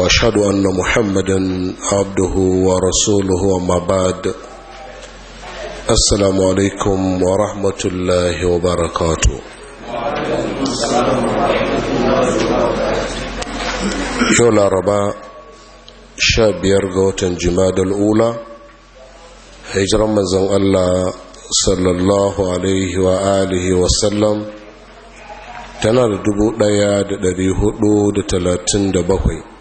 واشهد ان محمدا عبده ورسوله وما بعد السلام عليكم ورحمه الله وبركاته yau laraba sha biyar ga watan jimadal ula hijiran manzon allah sallallahu alaihi wa alihi tana da dubu ɗaya da ɗari huɗu da talatin da bakwai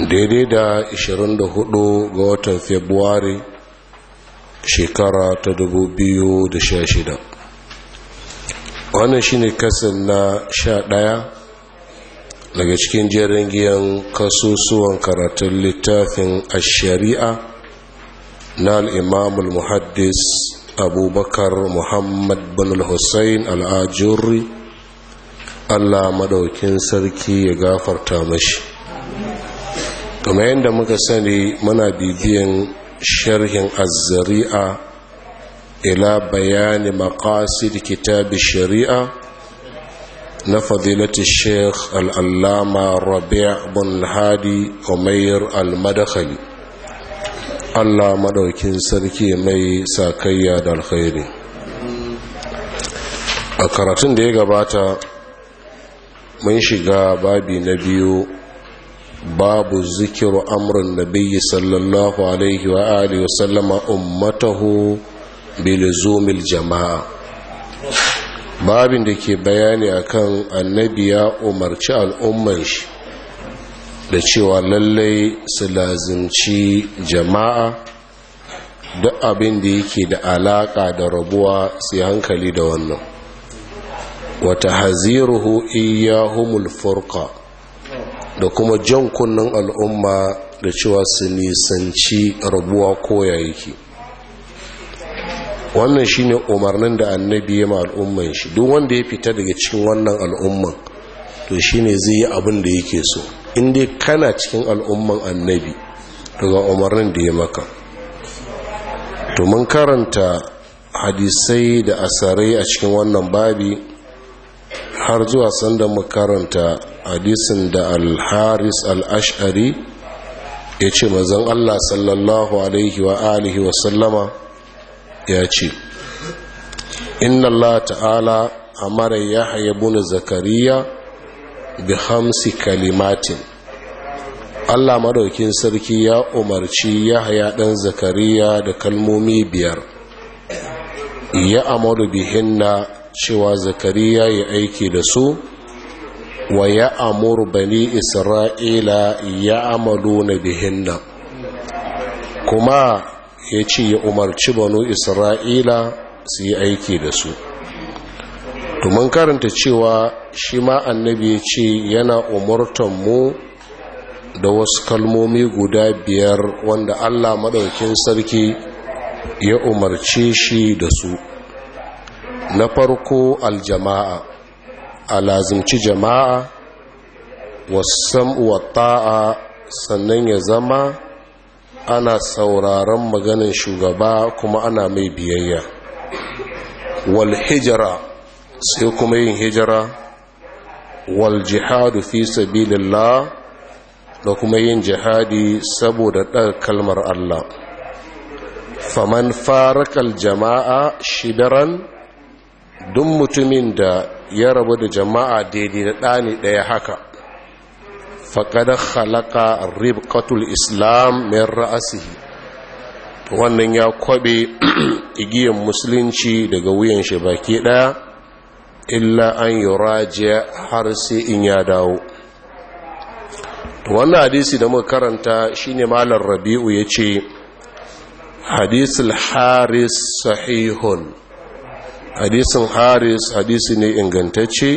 daidai da 24 ga watan februari shekara ta 2016 wannan shine kasan na 11 daga cikin jerin kasusuwan karatun littafin a sharia na al'imamul muhaddis abubakar muhammad bin al-hussein al'ajirri allah madaukin sarki ya gafarta mashi Kuma yadda muka sani muna bibiyan sharhin azzari'a ila bayani maqasid kitabin shari'a na Fadilatu sheikh al'allama rabia bin hadi umair al-madakhali allah madaukin sarki mai sakayya da alkhairi a karatun da ya gabata mun shiga babi na biyu باب ذكر أمر النبي صلى الله عليه وآله وسلم أمته بلزوم الجماعة babin da ke bayani akan annabi ya umarci al'umman shi da cewa lallai su lazimci jama'a duk abin da yake da alaƙa da rabuwa su hankali da wannan wata haziruhu iyahumul furqa da kuma jan kunnen al'umma da cewa su nisanci rabuwa ko yake wannan shi ne umarnin da annabi ya ma al'umman shi duk wanda ya fita daga cikin wannan al'umman to shi ne zai yi abin da yake so in dai kana cikin al'umman annabi daga umarnin da ya maka to mun karanta hadisai da asarai a cikin wannan babi har zuwa sanda makaranta hadisin da Alharis Al'ash'ari al ya ce mazan allah sallallahu alaihi wa alihi wa sallama ya ce inna allah ta'ala amara ya hayabuna zakariya bi hamsi kalimatin allah madaukin sarki ya umarci ya haya ɗan zakariya da kalmomi biyar ya amaru bihinna cewa zakariya ya aiki da su wa ya amur bani isra'ila ya amalu na bihinna kuma ya ce ya umarci banu isra'ila su yi aiki da su domin karanta cewa shi ma annabi ya ce yana mu da wasu kalmomi guda biyar wanda allah maɗaukin sarki ya umarce shi da su na farko aljama'a a lazimci jama'a wasan wata'a sannan ya zama ana sauraron maganin shugaba kuma ana mai biyayya wal hijira sai kuma yin hijira wal jihadu fi sabilillah da kuma yin jihadi saboda ɗan kalmar Allah faman farakal jama'a shidaran duk mutumin da ya rabu da jama'a daidai da ɗani ɗaya haka faƙadar halaka ribkatul islam mai ra'asihi wannan ya kwaɓe igiyar musulunci daga wuyan shi baki ɗaya illa an yi rajiya har sai in ya dawo wannan hadisi da muka karanta shine malar rabi'u ya ce hadisul haris sahihun hadisin haris hadisi ne ingantacce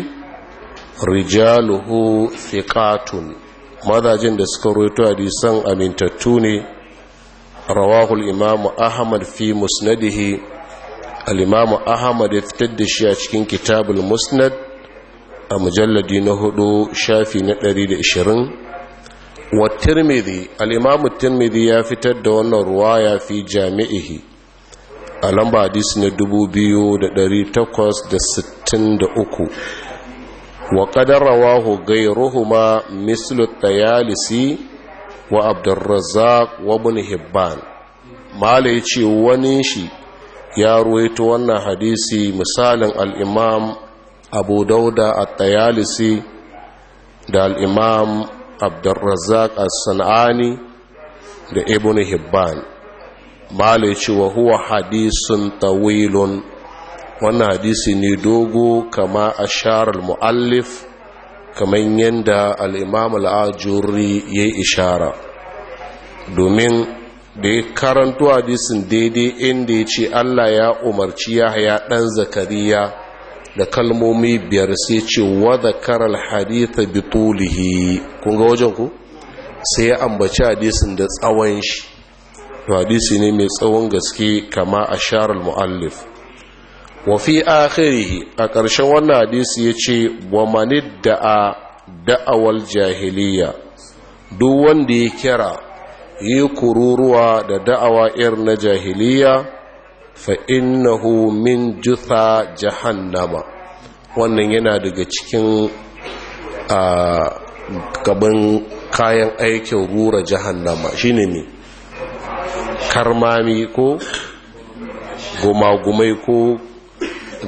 rijaluhu thiqatun mazajin da suka roto hadisan amintattu ne rawahul imamu ahmad fi musnadihi al-imamu ahmad ya fitar da shi a cikin kitabul musnad a mujalladi na hudu shafi na 120 wa tirmidhi al-imamu tirmidhi ya fitar da wannan ruwaya fi jami'ihi a lamba hadis na 2863 wa ƙadarrawahu gairuhuma mislu tayalisi wa abdurrazzaq wa bin hibban mala ya ce wani shi ya ruwaito wannan hadisi misalin al'imam abu dauda a tayalisi da al'imam abdurrazzaq a sana'ani da ibn hibban Bale ya ce wa huwa hadisun tawilun wannan hadisi ne dogo kama a sharar mu'allif kamar yadda al'imam al'ajuri ya yi ishara domin da ya karanto hadisin daidai inda ya ce allah ya umarci ya haya ɗan zakariya da kalmomi biyar sai ce wa zakarar haditha bitulihi kunga wajenku wajen ku sai ya ambaci hadisin da tsawon shi hadisi ne mai tsawon gaske kama a sharar mu'allif wafi akhirihi a ƙarshen wannan hadisi ya ce wa mani da'a da'awar jahiliya duk wanda ya kira yi kururuwa da da'awa ir na jahiliya fa innahu min jutha jahannama wannan yana daga cikin a gaban kayan aikin rura jahannama shine ne karmami ko gumagumai ko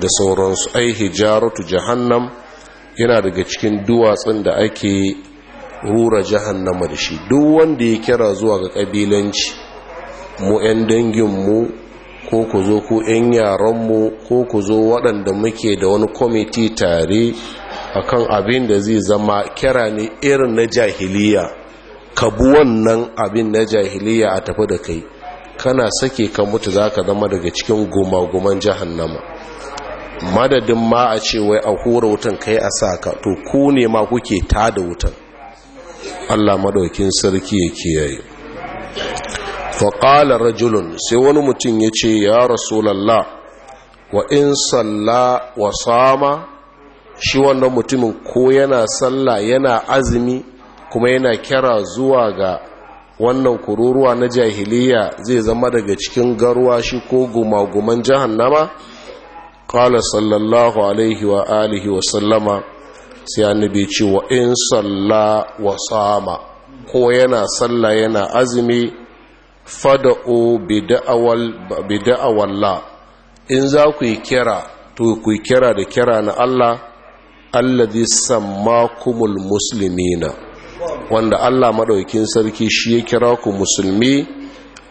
da sauransu ai hijaratu jahannam yana daga cikin duwatsun da ake rura jahannama da shi duk wanda ya kira zuwa ga kabilanci mu 'yan danginmu ko ku zo ku 'yan yaranmu ko ku zo waɗanda muke da wani kwamiti tare a kan abin da zai zama kira ne irin na jahiliya kabu wannan abin na jahiliya a tafi da kai kana sake ka mutu za ka zama daga cikin goma-goman jihar nama. madadin ma a ce wai a hura wutan kai a sa ka to ku ne ma kuke ta da wutan allah maɗaukin sarki ya kiyaye faƙala rajulun sai wani mutum ya ce ya rasulallah wa in salla wa sama shi wannan mutumin ko yana salla yana azumi kuma yana kira zuwa ga wannan kururuwa na jahiliya zai zama daga cikin garuwa shi ko gumaguman jahannama qala sallallahu alaihi wa alihi wa sallama sai annabi ce wa in salla wa sama ko yana salla yana azumi o bi da'awalla in za ku yi kira to ku yi kira da kira na Allah allazi sammakumul muslimina wanda Allah maɗaukin sarki shi ya kira ku musulmi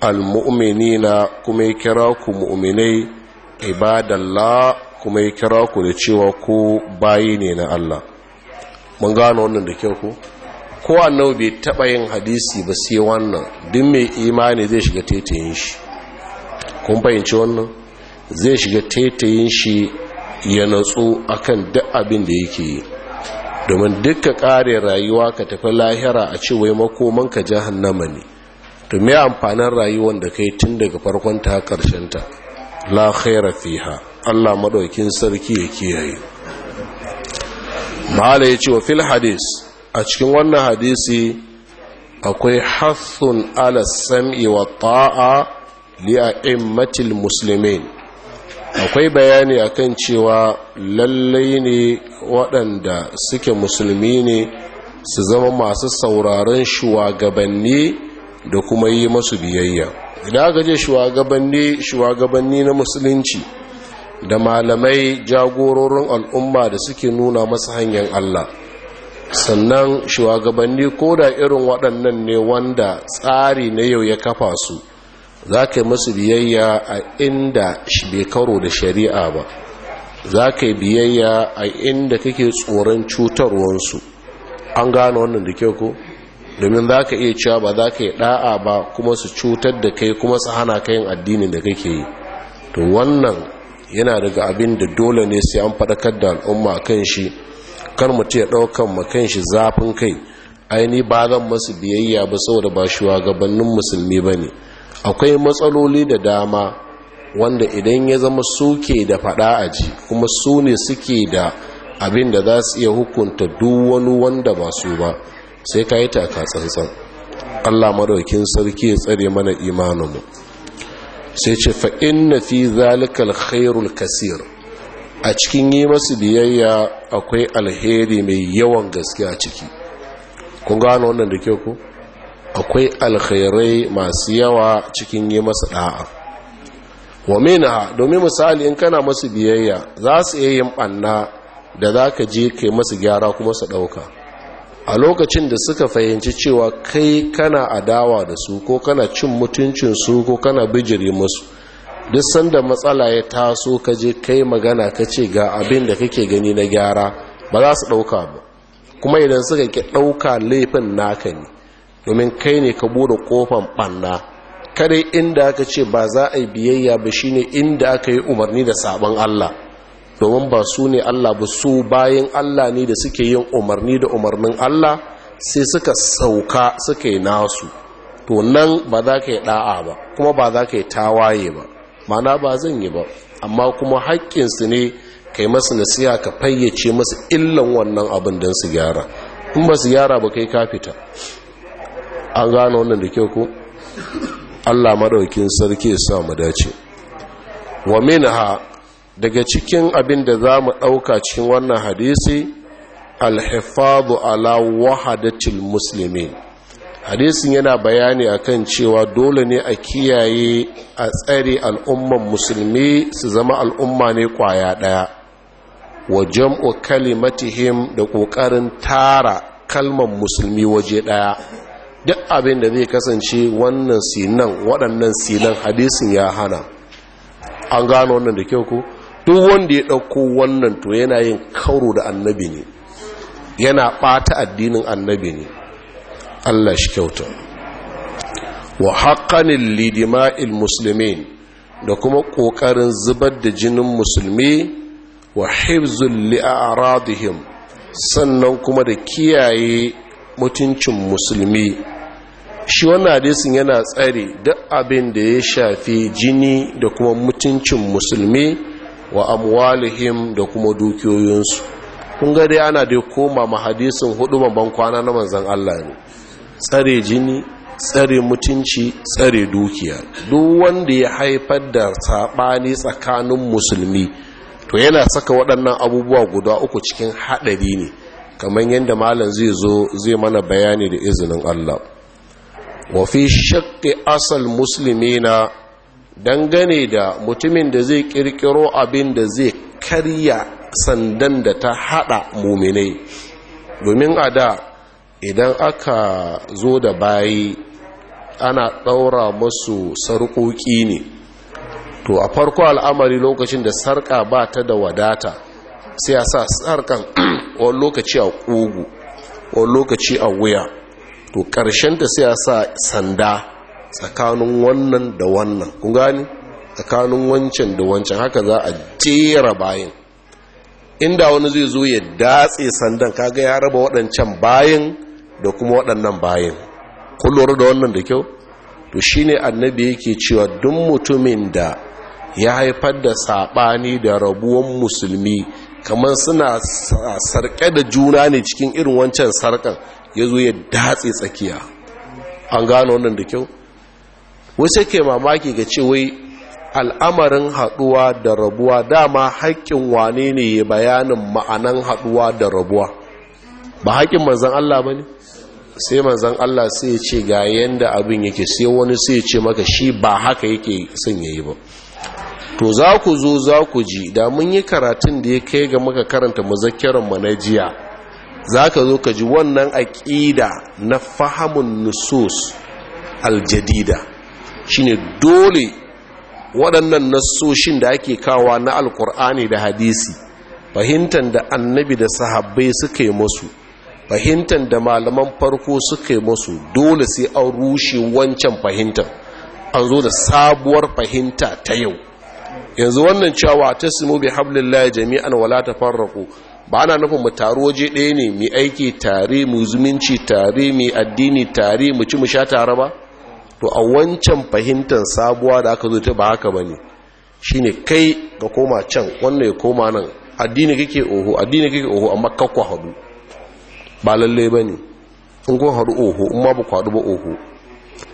almu'minina kuma ya kira ku mu'minai ibadallah kuma ya kira ku da cewa ku bayi ne na Allah mun gano wannan da kyau ko ko annabi bai taba yin hadisi ba sai wannan duk mai imani zai shiga taitayin shi kun fahimci wannan zai shiga taitayin shi ya natsu akan duk abin da yake yi domin dukka kare rayuwa ka tafi lahira a cewa wai makoman ka jahannama ne to me amfanin rayuwar da kai tun daga farkon ta karshen ta la khaira fiha Allah madaukin sarki ya kiyaye mala yace wa fil hadis a cikin wannan hadisi akwai hasun ala sam'i wa ta'a matil muslimin akwai bayani akan cewa lallai ne waɗanda suke musulmi ne su zama masu sauraron shugabanni da kuma yi masu biyayya idan aka je shugabanni shugabanni na musulunci da malamai jagororin al'umma da suke nuna masu hanyar Allah sannan shugabanni ko da irin waɗannan ne wanda tsari na yau ya kafa su za ka yi masu biyayya a inda bai karo da shari'a ba za ka yi biyayya a inda kake tsoron cutarwansu an gano wannan da kyau ko domin za ka iya cewa ba za ka yi da'a ba kuma su cutar da kai kuma su hana kayan yin addinin da kake yi to wannan yana daga abin da dole ne sai an faɗakar da al'umma kan shi kan mutum ya ɗaukan makan shi zafin kai aini ba zan masu biyayya ba saboda ba gabanin musulmi ba ne akwai matsaloli da dama wanda idan ya zama suke da fada a ji kuma su ne suke da abin da za su iya hukunta duk wani wanda ba su ba sai ka yi taka tsantsan allah maraukin sarki ya tsare mana imaninmu sai ce fa'in na fi zalikal khairul kasir a cikin yi masu biyayya akwai alheri mai yawan gaske a ciki kun gano wannan da kyau ku akwai alkhairai masu yawa cikin yi masu ɗa'a wa minha domin misali in kana masu biyayya za su iya yin banna da za ka je kai masu gyara kuma su ɗauka a lokacin da suka fahimci cewa kai kana adawa da su ko kana cin mutuncin su ko kana bijiri musu duk sanda matsala ya taso ka je kai magana ka ce ga abin da kake gani na gyara ba za su ɗauka ba kuma idan suka ki ɗauka laifin naka ne domin kai ne ka bude kofan ɓanna kadai inda aka ce ba za a yi biyayya ba shine inda aka yi umarni da sabon Allah domin ba su ne Allah ba su bayan Allah ne da suke yin umarni da umarnin Allah sai suka sauka suka yi nasu to nan ba za ka yi da'a ba kuma ba za ka yi tawaye ba mana ba zan yi ba amma kuma haƙƙinsu ne ka yi masu nasiha ka fayyace masu illan wannan abin don su gyara in ba su gyara ba kai ka fita an gano wannan da kyau ko Allah maɗaukin sarki ya sa mu dace wa minha daga cikin abin da za mu ɗauka cikin wannan hadisi alhifadu ala wahadatil muslimin hadisin yana bayani akan cewa dole ne a kiyaye a tsare al'umman musulmi su zama al'umma ne kwaya ɗaya wa jam'u kalimatihim da ƙoƙarin tara kalmar musulmi waje ɗaya duk abin da zai kasance wannan sinan waɗannan sinan hadisin ya hana an gano wannan da kyau ko duk wanda ya ɗauko wannan to yana yin kauro da annabi ne yana ɓata addinin annabi ne Allah shi kyauta wa haƙanin lidima'il musulmi da kuma ƙoƙarin zubar da jinin musulmi wa a li'aradihim sannan kuma da kiyaye mutuncin musulmi shi wannan hadisin yana tsare duk abin da ya shafi jini da kuma mutuncin musulmi wa amwalihim da kuma dukiyoyinsu kun ga dai ana dai koma ma hadisin hudu ban kwana na manzon Allah ne tsare jini tsare mutunci tsare dukiya duk wanda ya haifar da sabani tsakanin musulmi to yana saka waɗannan abubuwa guda uku cikin haɗari ne kamar yadda malam zai zo zai mana bayani da izinin Allah wa fi shakki asal na dangane da mutumin da zai kirkiro abin da zai karya sandan da ta hada muminai domin a da idan aka zo da bayi ana ɗaura masu sarƙoƙi ne to a farko al'amari lokacin da sarƙa ba ta da wadata sai a sa sarƙan wani lokaci a ƙugu wani lokaci a wuya to ƙarshen ta sai a sa sanda tsakanin wannan da wannan kun gani tsakanin wancan da wancan haka za a jera bayan inda wani zai zo ya datse sandan kaga ya raba waɗancan bayan da kuma waɗannan bayan kun da wannan da kyau to shine annabi yake cewa duk mutumin da ya haifar da saɓani da rabuwan musulmi kamar suna sarƙe da juna ne cikin irin wancan sarƙan ya zo ya datse tsakiya an gano wannan da kyau wasu ke mamaki ga cewai al'amarin haɗuwa da rabuwa dama haƙƙin wane ne ya bayanin ma'anan haɗuwa da rabuwa ba haƙƙin manzan Allah ba ne sai manzan Allah sai ya ce ga yadda abin yake sai wani sai ya ce maka shi ba haka yake son ya yi ba to za ku zo za ku ji da mun yi karatun da ya kai ga maka karanta na manajiya za ka zo ka ji wannan aƙida na fahamun nusus aljadida shine dole waɗannan nasoshin da ake kawa na alkur'ani da hadisi fahimtar da annabi da sahabbai suka yi masu fahimtar da malaman farko suka yi masu dole sai an rushe wancan fahimtar an zo da sabuwar fahimta ta yau yanzu wannan cewa ta simu bi hablillahi jami'an wala ta farraku ba ana nufin mu taru waje ɗaya ne mai aiki tare mu zumunci tare mu addini tare mu ci mu sha tare ba to a wancan fahimtar sabuwa da aka zo ta ba haka ba shi shine kai ga koma can wannan ya koma nan addini kake oho addini kake oho amma kakwa haɗu ba lalle ne in kun haɗu oho in ma ba ku ba oho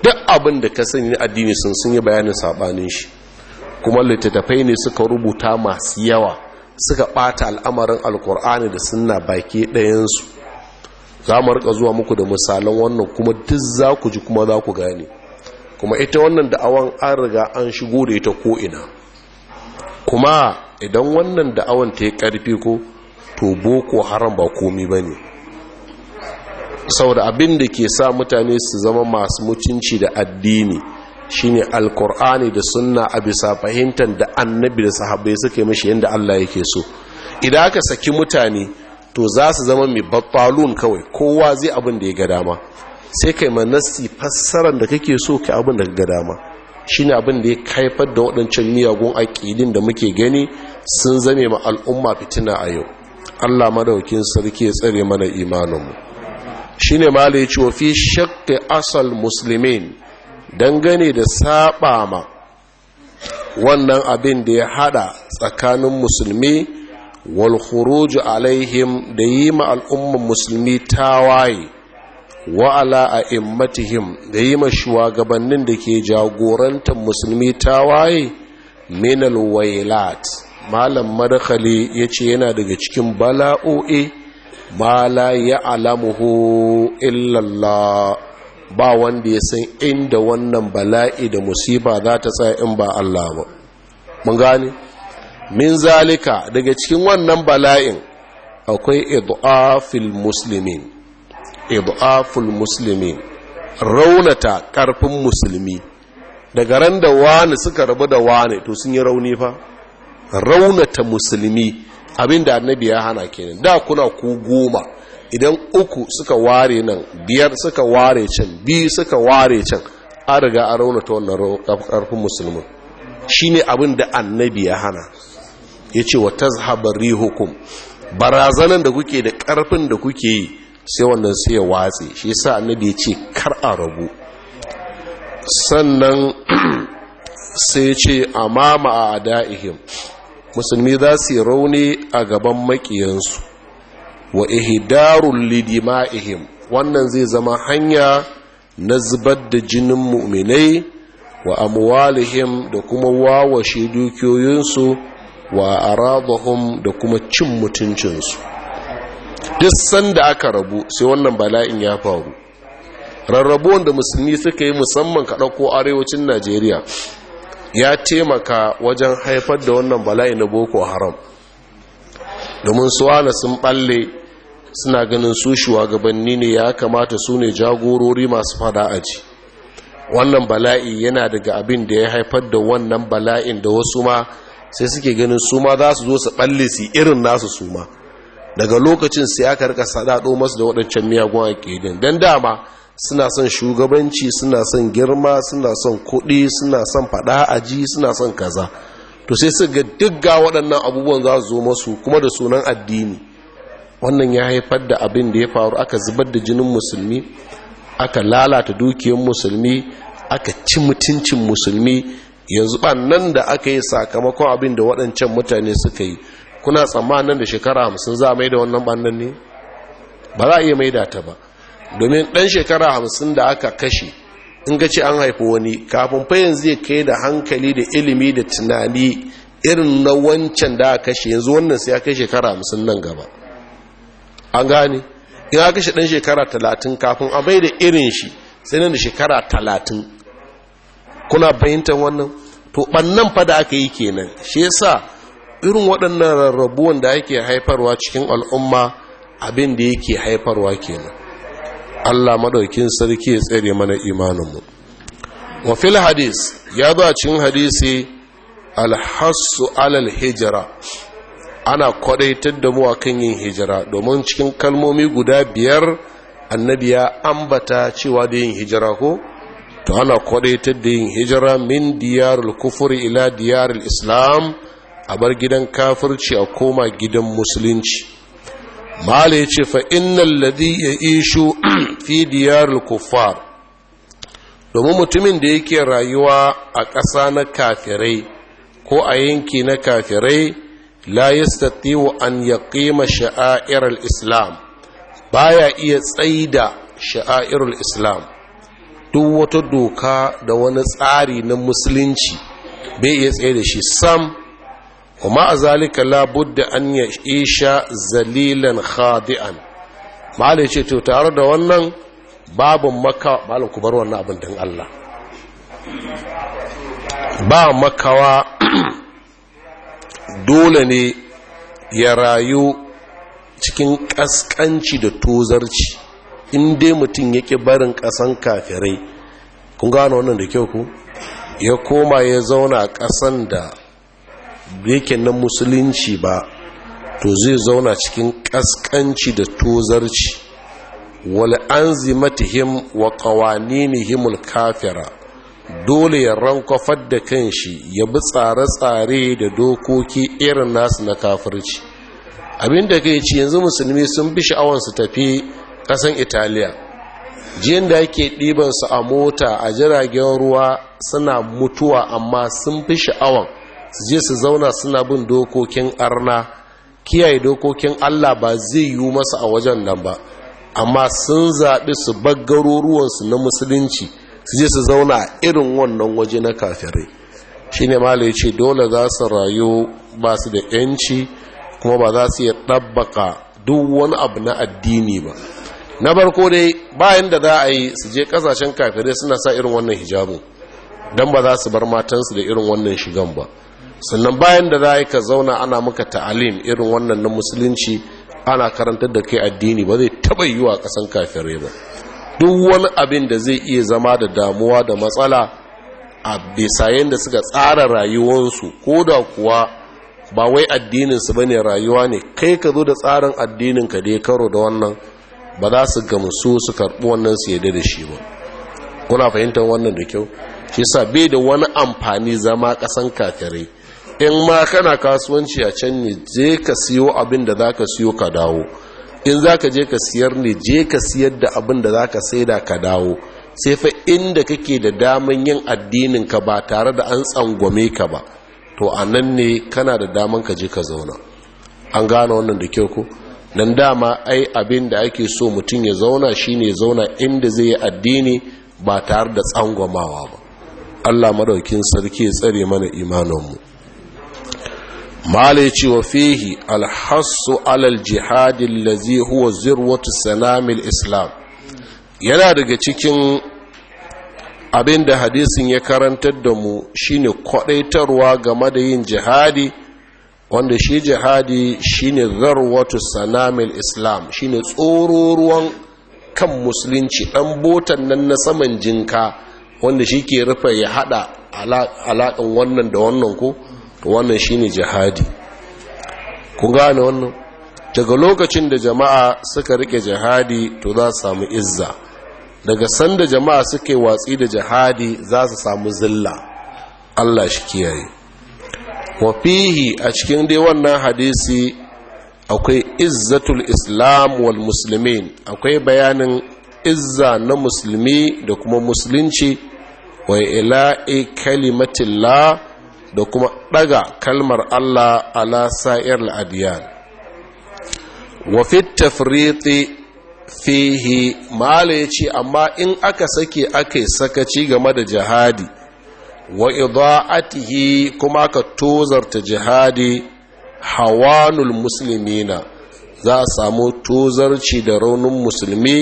duk abin da ka sani na addini sun sun yi bayanin sabanin shi kuma littattafai ne suka rubuta masu yawa suka ɓata al'amarin alkur'ani da sunna baki ɗayansu za mu rika zuwa muku da misalan wannan kuma duk za ku ji kuma za ku gane kuma ita wannan da'awan an riga an shigo da ita ko'ina kuma idan wannan da'awan ta yi ƙarfi ko to boko haram ba komi ba ne Sau da abin da ke sa mutane su zama masu mutunci da addini shine alkur'ani da sunna a bisa fahimtar da annabi da sahabbai suke mashi yadda Allah yake so idan aka saki mutane to za su zama mai babbalun kawai kowa zai abin da ya ga dama sai kai manasi fassarar da kake so ka abin da ga dama shine abin da ya kaifar da waɗancan miyagun aƙidin da muke gani sun zame ma al'umma fitina a yau Allah madaukin sarki ya tsare mana imaninmu shine malai wa fi shakka asal muslimin dangane da saba ma wannan abin da ya hada tsakanin musulmi wal khuruju alaihim da yi ma al'umman musulmi tawaye wa ala immatihim da yi ma shugabannin da ke jagorantar musulmi tawaye Minal Wailat malam ya ce yana daga cikin bala'o'i ma la ya alamuhu illallah ba wanda ya san inda wannan bala'i da musiba za ta tsaya in ba Allah ba mun gane min zalika daga cikin wannan bala'in akwai idafil muslimin idafil muslimin raunata karfin musulmi daga ran da wani suka rabu da wani to sun yi rauni fa raunata musulmi abinda annabi ya hana kenan da kuna ku goma idan uku suka ware nan biyar suka ware can biyu suka ware can a riga a raunata wannan ƙarfin musulmin shi ne abin da annabi ya hana ya ce wa ta zahabari hukum barazanan da kuke da ƙarfin da kuke yi sai wannan sai ya watse shi sa annabi ya ce kar a rabu sannan sai ce mama a da'ihim musulmi za su yi rauni a gaban makiyansu wa ihdarul lidima'ihim wannan zai zama hanya na zubar da jinin mu'minai wa amwalihim da kuma wawashe dukiyoyinsu wa aradahum da kuma cin mutuncinsu duk sanda aka rabu sai wannan bala'in ya faru rarrabuwan da musulmi suka yi musamman ka ɗauko arewacin najeriya ya taimaka wajen haifar da wannan bala'i na boko haram domin suwana sun ɓalle suna ganin su shugabanni ne ya kamata su ne jagorori masu fada aji wannan bala'i yana daga abin da ya haifar da wannan bala'in da wasu ma sai suke ganin su ma za su zo su balle su irin nasu su ma daga lokacin sai aka rika sadado masu da waɗancan miyagun aƙidin don dama suna son shugabanci suna son girma suna son kuɗi suna son faɗa aji suna son kaza to sai su ga duk ga waɗannan abubuwan za su zo masu kuma da sunan addini wannan ya haifar da abin da ya faru aka zubar da jinin musulmi aka lalata dukiyar musulmi aka ci mutuncin musulmi yanzu ba nan da aka yi sakamakon abin da waɗancan mutane suka yi kuna tsammanin da shekara hamsin za a mai da wannan ɓannan ne ba za a iya mai da ta ba domin ɗan shekara hamsin da aka kashe in ga ce an haifi wani kafin fayin zai kai da hankali da ilimi da tunani irin na wancan da aka kashe yanzu wannan sai ya kai shekara hamsin nan gaba an gane in kashe shi ɗan shekara talatin kafin a bai da irin shi sai nan da shekara talatin kuna bayyantar wannan to ɓannan fa da aka yi kenan shi yasa irin waɗannan rarrabuwan da ake haifarwa cikin al'umma abin da yake haifarwa kenan Allah maɗaukin sarki ya tsere mana imaninmu wa fil hadis ya ba cikin hadisi alhassu alal hijira ana kwadaitar da mu akan yin hijira domin cikin kalmomi guda biyar annabi ya ambata cewa da yin hijira ko to ana kwadaitar da yin hijira min diyarul kufuri ila diyarul islam a bar gidan kafirci a koma gidan musulunci mala ya ce fa innal ladhi ya fi diyarul kuffar domin mutumin da yake rayuwa a ƙasa na kafirai ko a yanki na kafirai la yastati'u an yaqima sha'air al-islam baya iya tsaida sha'air islam duk wata doka da wani tsari na musulunci bai iya tsaye da shi sam kuma a zalika labudda an ya isha zalilan khadi'an malai ce to tare da wannan babu maka malin ku bar wannan abin don Allah ba makawa dole ne ya rayu cikin ƙasƙanci da tozarci inda dai mutum yake barin ƙasan kafirai kun gano wannan da kyau ku ya koma ya zauna a ƙasan da yake na musulunci ba to zai zauna cikin ƙasƙanci da tozarci wal an wa wa himul kafira dole ya rankwafar da kanshi ya bi tsare-tsare da dokoki irin nasu na kafirci abinda kai ci yanzu musulmi sun bi sha'awar su tafi kasan italiya jiyan da ake ɗiban su a mota a jiragen ruwa suna mutuwa amma sun fi sha'awar su je su zauna suna bin dokokin arna kiyaye dokokin allah ba zai yi masa a wajen nan ba amma sun zaɓi su baggaruruwansu na musulunci su je su zauna irin wannan waje na kafirai shi ne mala ya ce dole za su rayu ba su da yanci kuma ba za su yi ɗabbaka duk wani abu na addini ba na barko dai bayan da za a yi su je ƙasashen kafirai suna sa irin wannan hijabu don ba za su bar matansu da irin wannan shigan ba sannan bayan da za a yi ka zauna ana muka ta'alim irin wannan na musulunci ana karantar da kai addini ba zai taɓa wa ƙasan kafirai ba duk wani abin da zai iya zama da damuwa da matsala a bisayen da suka tsara rayuwarsu ko da kuwa ba wai addininsu ba ne rayuwa ne kai ka zo da tsarin addininka da ya karo da wannan ba za su gamsu su karɓi wannan su yadda da shi ba kuna fahimtar wannan da kyau shi sa bai da wani amfani zama ƙasan kakare in ma kana kasuwanci a can ne je ka siyo abin da za ka siyo ka dawo in za ka je ka siyar ne je ka siyar da abin da za ka saida ka dawo sai fa inda kake da daman yin addinin ka ba tare da an tsangwame ka ba to a nan ne kana da daman ka je ka zauna an gane wannan da kyau ko dan dama ai abin da ake so mutum ya zauna shine zauna inda zai yi addini ba tare da tsangwamawa ba Allah madaukin sarki ya tsare mana imaninmu malai ce wa fihi alhassu alal jihadi lazi huwa zirwatu sanamil islam yana daga cikin abin da hadisin ya karantar da mu shine kwadaitarwa game da yin jihadi wanda shi jihadi shine zarwatu sanamil islam shine tsororuwan kan musulunci Dan botan nan na saman jinka wanda shi ke rufe ya haɗa alaƙan wannan da wannan ko wannan shine jihadi ku gane wannan daga lokacin da jama'a suka rike jihadi to za su samu izza daga sanda jama'a suke watsi da jihadi za su samu zilla Allah shi kiyaye wa a cikin dai wannan hadisi akwai izzatul islam wal muslimin akwai bayanin izza na musulmi da kuma musulunci wa ila'i kalimatillah da kuma ɗaga kalmar Allah ala sa'ir al'adiyan wafit tafriti fihi ma'ala ya ce amma in aka sake aka yi sakaci game da jihadi wa idha'atihi kuma ka tozarta jihadi hawanul muslimina za a samu tozarci da raunin musulmi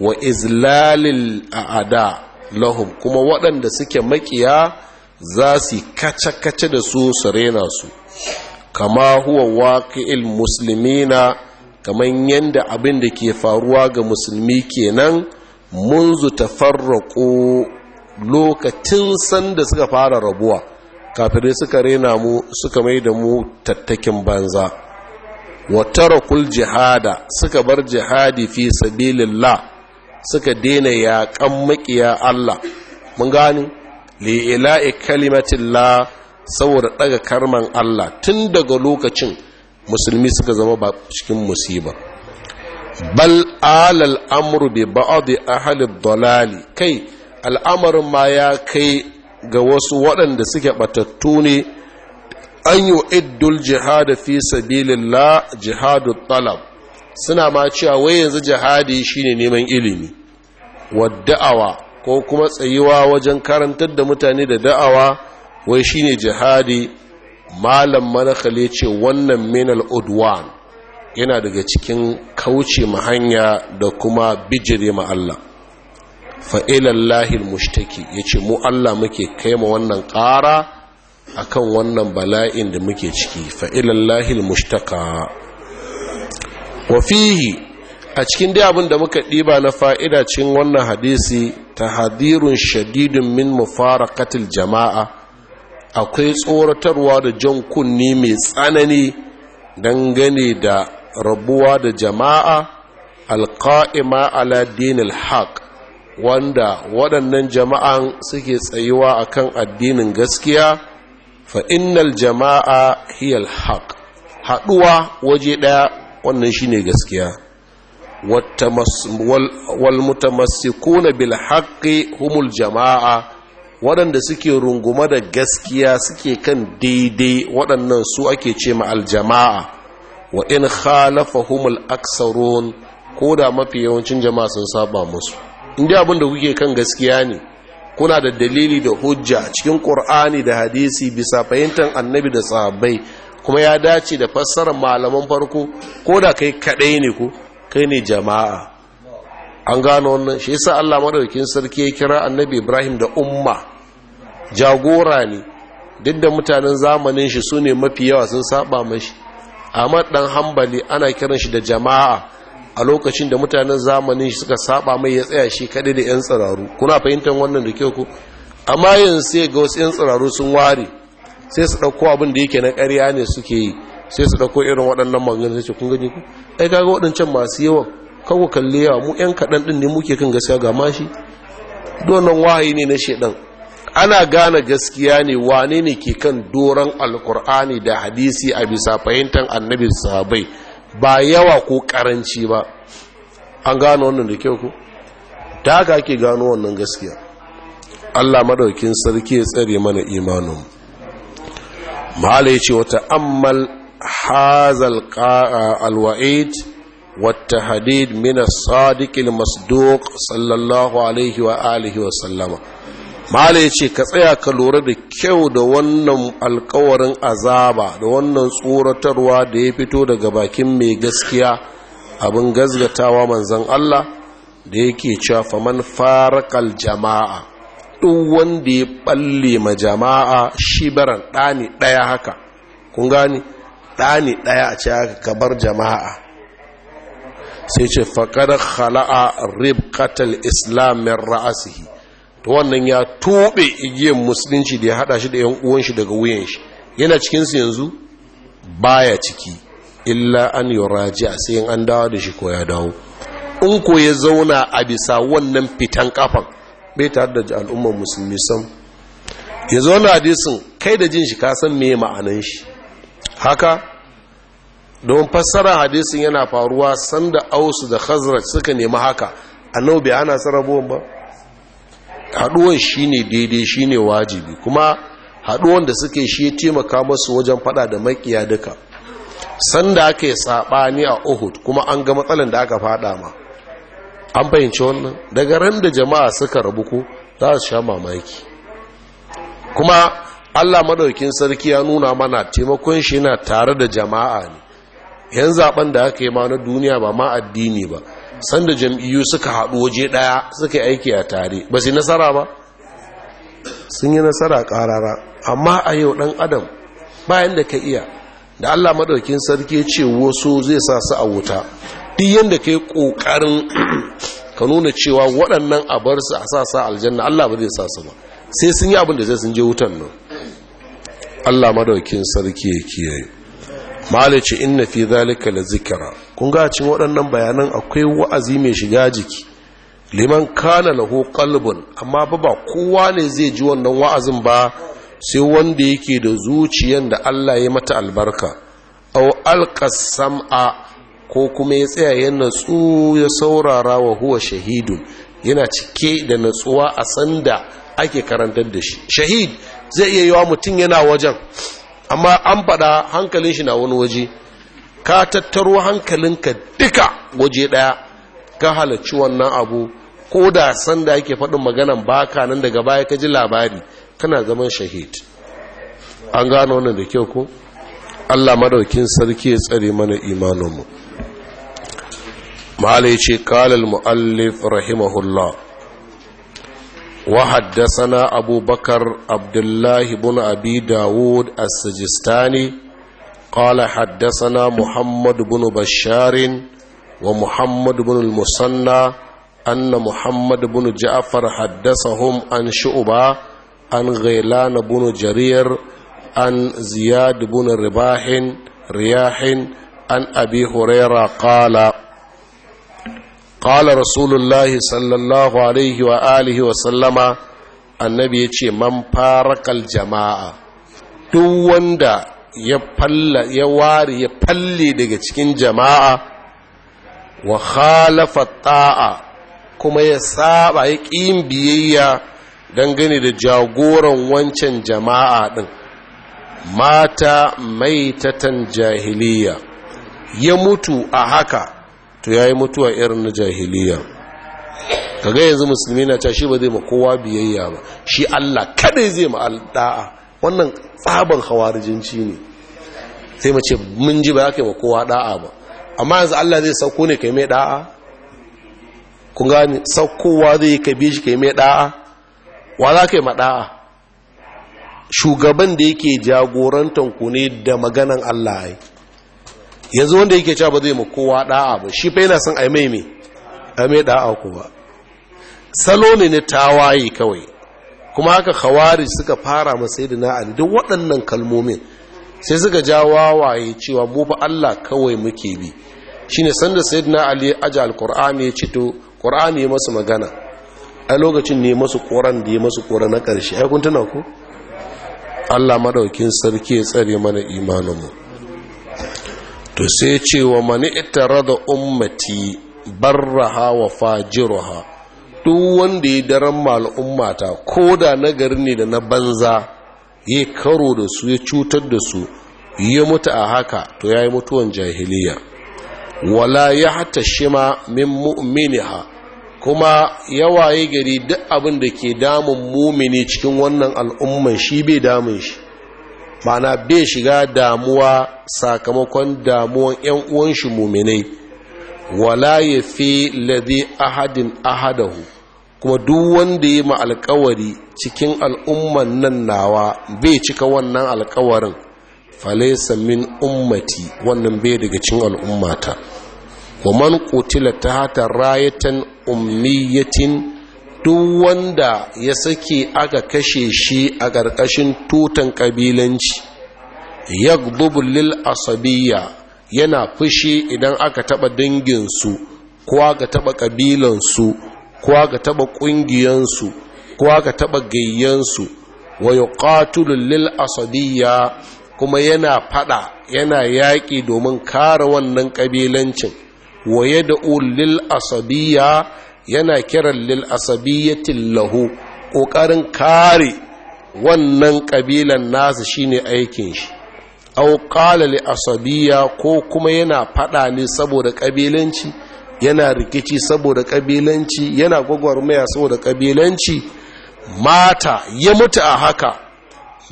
wa izlalil a'ada lahum kuma waɗanda suke makiya za su kace-kace da su su rena su kama huwa waƙi'il na kamar yadda abin da ke faruwa ga musulmi kenan munzu farraƙo lokacin sanda suka fara rabuwa kafirai suka rena mu suka mai da mu tattakin banza watarakul jihada suka bar jihadi fi sabilillah suka daina yaƙan maƙiya Allah mun gani li'ila'i kalimatin kalimatillah saboda daga karman Allah tun daga lokacin musulmi suka zama ba cikin musiba bal alal amru bi ba'di ahli dalali kai al'amarin ma ya kai ga wasu waɗanda suke batattu ne an iddul jihada fi sabilillah jihadu talab suna ma cewa wai yanzu jihadi shine neman ilimi wa da'awa. ko kuma tsayuwa wajen karantar da mutane da da'awa wai shine jihadi malam manakhali ce wannan minal udwan yana daga cikin kauce ma hanya da kuma bijire ma Allah fa llahi almushtaki yace mu Allah muke kaima wannan ƙara akan wannan bala'in da muke ciki fa llahi Wafihi, wa fihi a cikin dai abin da muka ɗiba na fa'ida cikin wannan hadisi tahadirun shadidun min mufarakatil jama'a akwai tsoratarwa da jan kunni mai tsanani dangane da rabuwa da jama'a alƙa'ima ala dinil haq wanda waɗannan jama'an suke tsayuwa akan addinin gaskiya fa innal jama'a hiyal haq haɗuwa waje ɗaya wannan shine gaskiya walmutamassikuna bil haqqi humul jama'a waɗanda suke runguma da gaskiya suke kan daidai waɗannan su ake ce ma aljama'a wa in humul aksarun ko da mafi yawancin jama'a sun saba musu inda abin da kuke kan gaskiya ne kuna da dalili da hujja cikin qur'ani da hadisi bisa fahimtar annabi da sahabbai kuma ya dace da fassarar malaman farko ko da kai kaɗai ne ko kai ne jama'a an gano wannan shi yasa Allah madaukakin sarki ya kira annabi Ibrahim da umma jagora ne duk da mutanen zamanin shi sune mafi yawa sun saba mashi Ahmad dan Hanbali ana kiran shi da jama'a a lokacin da mutanen zamanin shi suka saba mai ya tsaya shi kadai da yan tsiraru kuna fahimtar wannan da kyau ku amma yanzu sai ga wasu yan tsiraru sun ware sai su dauko abin da yake na ƙarya ne suke yi sai su dauko irin waɗannan maganganun sai kun gani ku ai kaga waɗancan masu yawa kawo kalle yawa mu yan kaɗan ɗin ne muke kan gaskiya ga mashi donan wahayi ne na shedan ana gane gaskiya ne wane ne ke kan doron alkur'ani da hadisi a bisa fahimtar annabi sahabai ba yawa ko karanci ba an gano wannan da kyau ku ta haka ake gano wannan gaskiya allah madaukin sarki ya tsare mana imanin mahala ya ce wata ammal hazal alwa'id wata hadid mina sadiqil masduq sallallahu alaihi wa ce ka tsaya ka lura da kyau da wannan alƙawarin azaba da wannan tsoratarwa da ya fito daga bakin mai gaskiya abin gazgatawa manzan Allah da yake cewa faman farakal jama'a duk wanda ya balle ma jama'a shibaran ɗani ɗaya haka kun gane. ɗani ɗaya a ce kabar jama'a sai ce faƙar khala'a ribkatal islamin ra'asihi to wannan ya tobe igiyar musulunci da ya haɗa shi da yan uwan shi daga wuyan shi yana cikinsu yanzu baya ciki illa an raji a sai an dawo da shi ko ya dawo in ko ya zauna a bisa wannan fitan kafan bai tare da al'ummar musulmi sam ya zauna a hadisin kai da jin shi ka san me ma'anan shi haka don fassara hadisin yana faruwa sanda ausu da khazraj suka nemi haka annabi bai ana sarabuwan ba haduwan shine daidai shine wajibi kuma haduwan da suke shi ya taimaka masu wajen fada da makiya duka sanda aka yi sabani a Uhud kuma an ga matsalan da aka fada ma an fahimci wannan daga ran da jama'a suka rabu ko za su sha mamaki kuma Allah madaukin sarki ya nuna mana taimakon shi yana tare da jama'a ne yan zaben da aka yi ma na duniya ba ma addini ba sanda jam'iyyu suka haɗu waje ɗaya suka aiki a tare ba su nasara ba sun yi nasara ƙarara amma a yau ɗan adam bayan da ka iya da allah maɗaukin sarki ce wasu zai sa su a wuta duk yadda ka yi ƙoƙarin ka nuna cewa waɗannan a bar su a sa sa aljanna allah ba zai sa su ba sai sun yi abin da zai sun je wutan nan Allah madaukin sarki ya yi malice inna fi zalika la zikra kun ga cin waɗannan bayanan akwai wa'azi mai shiga jiki liman kana lahu qalbun amma ba ba kowa ne zai ji wannan wa'azin ba sai wanda yake da zuciyar da Allah ya mata albarka aw alqasam'a ko kuma ya tsaya ya natsu ya saurara wa huwa shahidun yana cike da natsuwa a sanda ake karantar da shi shahid zai iya yiwa mutum yana wajen amma an faɗa hankalin shi na wani waje ka tattaro hankalinka duka waje ɗaya ka halarci wannan abu ko da sanda yake faɗin maganan baka nan daga baya ka ji labari kana zaman shahid an gano wannan da kyau ko Allah madaukin sarki ya tsare mana imaninmu mu ya ce kalal mu'allif rahimahullah وحدثنا أبو بكر عبد الله بن أبي داود السجستاني قال حدثنا محمد بن بشار ومحمد بن المصنى أن محمد بن جعفر حدثهم عن شعبة عن غيلان بن جرير عن زياد بن رباح رياح عن أبي هريرة قال ƙala rasulullahi sallallahu alaihi wa wa sallama annabi ya ce man farakal jama'a duk wanda ya falla ya ware ya falle daga cikin jama'a wa khalafa kuma ya saba ya ƙin biyayya dangane da jagoran wancan jama'a ɗin mata maitatan jahiliya ya mutu a haka to ya yi mutuwa irin na jahiliya Ka ga yanzu musulmi na ta shi ba zai ma kowa biyayya ba shi allah kadai zai ma da'a wannan tsaban hawarijinci ne sai mace ce mun ji ba ya kai ma kowa da'a ba amma yanzu allah zai sauko ne kai mai da'a kun gane saukowa zai ka bi shi kai mai da'a wa za ka yi ma da'a shugaban da yake jagorantanku ku ne da maganan allah ya yanzu wanda yake cewa ba zai mu kowa da'a ba shi fa yana son ai mai me ai mai da'a kuwa salo ne na tawaye kawai kuma haka khawari suka fara ma sayyidina ali duk waɗannan kalmomin sai suka ja wawaye cewa mu ba Allah kawai muke bi shine sanda sayyidina ali aja alqur'ani ya cito to qur'ani ya masu magana a lokacin ne masu koran da ya masu koran na ƙarshe ai kun tuna ku Allah madaukin sarki ya tsare mana imanin mu. to sai ce wa mani ummati barraha wa fajiruha duk wanda ya daren mal'ummata ko da na gari ne da na banza ya karo da su ya cutar da su ya mutu a haka to ya yi mutuwan jahiliya wala ya hata shima min mu'miniha kuma yawaye gari duk abin da ke damun mumini cikin wannan al'ummar shi bai damun shi ma'ana bai shiga damuwa sakamakon damuwan 'yan uwan shi muminai wala ya fi ladhi ahadin ahadahu kuma duk wanda ya ma alkawari cikin al'umman nan nawa bai cika wannan alkawarin falaisa min ummati wannan bai daga cin al'ummata kuma man ta hata rayatan ummiyatin duk wanda ya sake aka kashe shi a ƙarƙashin tutan ƙabilanci ya lil asabiya yana fushi idan aka taɓa danginsu ko aka taɓa ƙabilansu ko aka taɓa ƙungiyansu ko aka taɓa gayyansu wa yuqatilu lil asabiya kuma yana faɗa, yana yaƙi domin kare wannan ƙabilancin wa da lil asabiya yana kiran lil asabiyyatin lahu ƙoƙarin kare wannan ƙabilan nasa shine aikin shi au qala li asabiya ko kuma yana faɗa ne saboda ƙabilanci yana rikici saboda ƙabilanci yana gwagwarmaya saboda ƙabilanci mata ya mutu a haka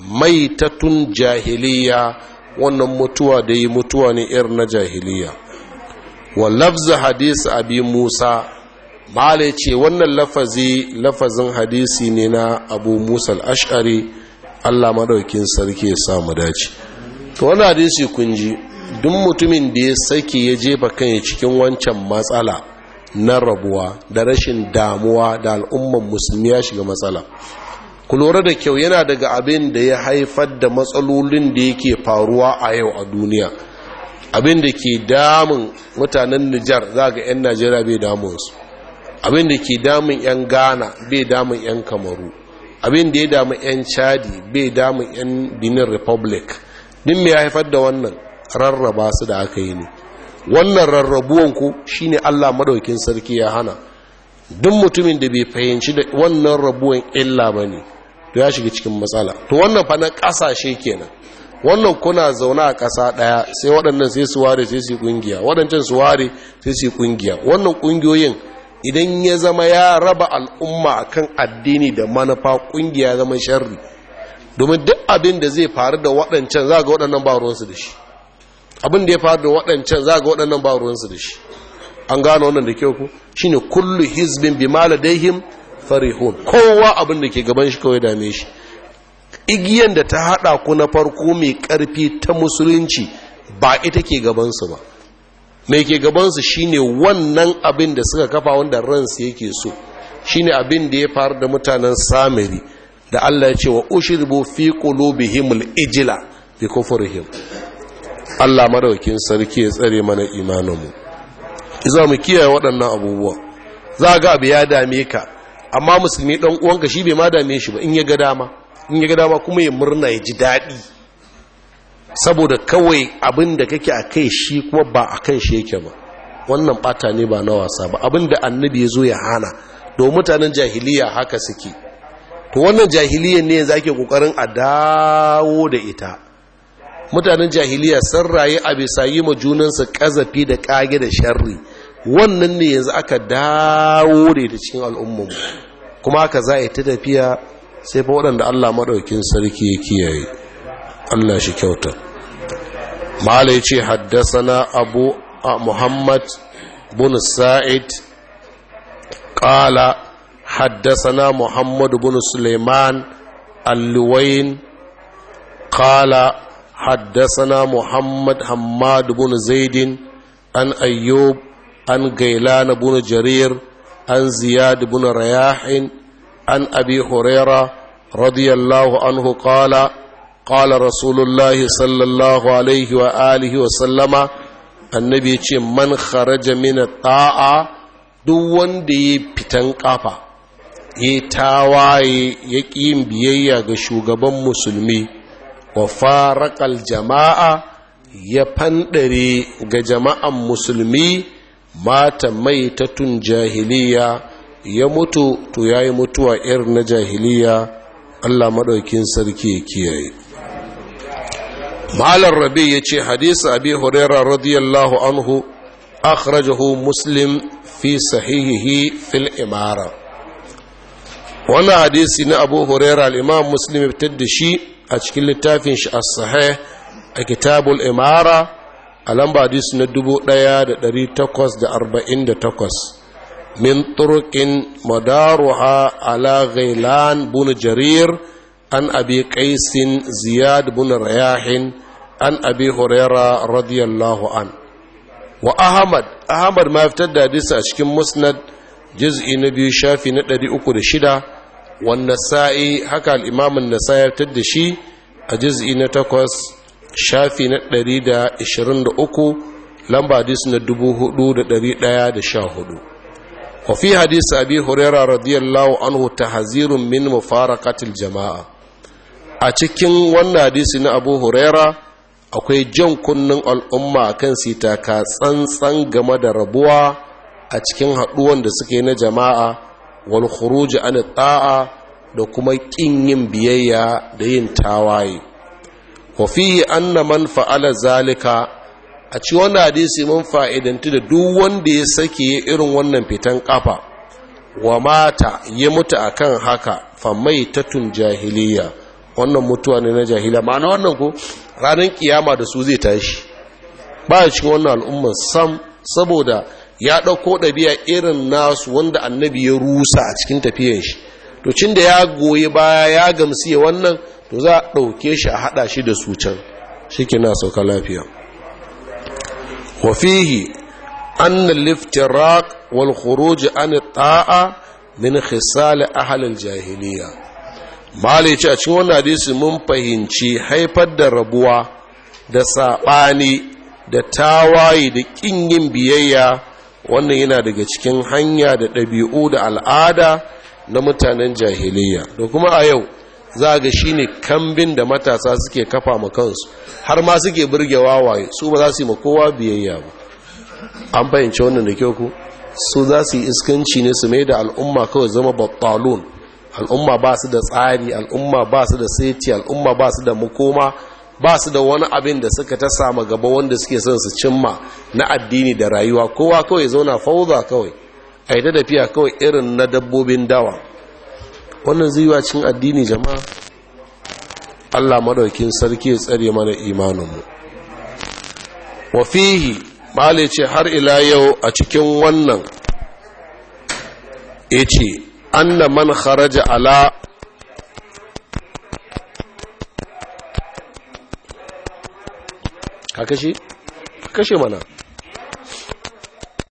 maitatun jahiliya wannan mutuwa da yi mutuwa ne irin na jahiliya wa lafza hadis abi musa malai ce wannan lafazi lafazin hadisi ne na abu musal ash'ari allah maɗaukin sarki ya samu dace to wani hadisi kunji, duk mutumin da ya sake ya jefa kan cikin wancan matsala na rabuwa da rashin damuwa da al'umman musulmi ya shiga matsala ku lura da kyau yana daga abin da ya haifar da matsalolin da yake faruwa a yau a duniya abin da ke damun mutanen nijar za ga 'yan najeriya bai damunsu abin da ke damun 'yan ghana bai damun 'yan kamaru abin da ya damun 'yan chadi bai damun 'yan benin republic din mai haifar da wannan rarraba su da aka yi ne wannan rarrabuwan ku ne allah maɗaukin sarki ya hana duk mutumin da bai fahimci da wannan rabuwan illa ba ne to ya shiga cikin matsala to wannan fa na ƙasashe kenan wannan kuna zaune a ƙasa ɗaya sai waɗannan sai su ware sai su yi ƙungiya waɗancan su ware sai su yi ƙungiya wannan ƙungiyoyin idan ya zama ya raba al'umma akan addini da manufa kungiya zama sharri domin duk abin da zai faru da waɗancan za ga waɗannan baruwansu da shi abin da ya faru da waɗancan za ga waɗannan baruwansu da shi an gano wannan da kyau ku ne kullu hizbin bima ladaihim farihun kowa abin da ke gaban shi kawai dame shi igiyan da ta haɗa ku na farko mai karfi ta musulunci ba ita ke gabansu ba mai ke gabansu shine wannan abin da suka kafa wanda ransu yake so shine abin da ya faru da mutanen samiri da Allah ya ce wa ushribu fi qulubihimul ijla bi kufrihim Allah madaukin sarki ya tsare mana imaninmu Za mu kiyaye waɗannan abubuwa za ga abu ya dame ka amma musulmi dan uwanka shi bai ma dame shi ba in ya ga dama in ya ga dama kuma ya murna ya ji daɗi saboda kawai abin da kake a kai shi kuma ba a kan shi yake ba wannan bata ne ba na wasa ba abin da annabi ya zo ya hana to mutanen jahiliya haka suke to wannan jahiliya ne yanzu ake kokarin a dawo da ita mutanen jahiliya sun rayu a bisa yi ma junansa kazafi da kage da sharri wannan ne yanzu aka dawo da ita cikin al'ummar kuma aka za a yi ta tafiya sai fa waɗanda Allah maɗaukin sarki ya kiyaye Allah shi ce haddasa abu a muhammad bin sa'id ƙala haddasa na muhammadu bin suleiman alluwain ƙala haddasa na muhammad hamadu bin zaidin an ayyub an gailana na jarir an ziyad bin rayahin an abi huraira radiyallahu anhu ƙala qala rasulullahi sallallahu alaihi wa wa sallama annabi ya ce man kharaja min ta'a duk wanda ya fitan kafa ya tawaye yaƙi yin biyayya ga shugaban musulmi wa farakal jama'a ya fanɗare ga jama'an musulmi mata maitatun jahiliya ya mutu to yayi mutuwa irin na jahiliya Allah maɗaukin sarki ya kiyaye malar rabi ya ce hadisa abi huraira radiyallahu anhu akhrajahu muslim fi sahihihi fil imara wannan hadisi na abu huraira al'imam muslim fitar da shi a cikin littafin shi as sahih a kitabul imara a lamba hadisi na 1848 من طرق مدارها على غيلان بن jarir an abi قيس ziyad bun rayahin an abi huraira radiyallahu an wa ahmad ahmad ma fitar da hadisi a cikin musnad juz'i na biyu shafi na 306 wan sai haka al-imam an-nasa'i ya fitar da shi a juz'i na 8 shafi na 123 lamba hadisi na 4114 wa fi hadisi abi huraira radiyallahu anhu tahzirun min mufaraqatil jama'a a cikin wannan hadisi na abu huraira akwai jan kunnen al'umma kan sita ka tsantsan game da rabuwa a cikin haɗuwan da suke na jama'a wal khuruji an ta'a da kuma ƙin yin biyayya da yin tawaye wa fi anna man fa'ala zalika a ci wannan hadisi mun fa'idanti da duk wanda ya sake irin wannan fitan kafa wa mata ya mutu akan haka fa maitatun jahiliya wannan mutuwa ne na jahiliya ma'ana wannan ko ranar kiyama da su zai tashi ba cikin wannan al'umman sam saboda ya ɗauko ɗabi'a irin nasu wanda annabi ya rusa a cikin tafiyar shi to cin da ya goyi baya ya gamsi ya wannan to za a ɗauke shi a haɗa shi da su can shi ke na sauka lafiya wafihi an na rak wal khuruji an ta'a min khisali halin jahiliya malai ce a cikin wannan hadisi mun fahimci haifar da rabuwa da saɓani da tawaye da ƙin yin biyayya wannan yana daga cikin hanya da ɗabi'u da al'ada na mutanen jahiliya da kuma a yau za ga shi ne kambin da matasa suke kafa ma kansu har ma suke birge wawaye su ba za su yi ma kowa biyayya ba an fahimci wannan da kyau ku su za su yi iskanci ne su mai da al'umma kawai zama battalun al'umma ba su da tsari al'umma ba su da saiti al'umma ba su da mukoma ba su da wani abin da suka ta sama gaba wanda suke son su cimma na addini da rayuwa kowa kawai zauna fauza kawai a yi tafiya kawai irin na dabbobin dawa wannan zai cin addini jama'a allah madaukin sarki ya tsare mana imaninmu wafihi bale ce har ila yau a cikin wannan ya anna man kharaja ala ka kashe ka kashe mana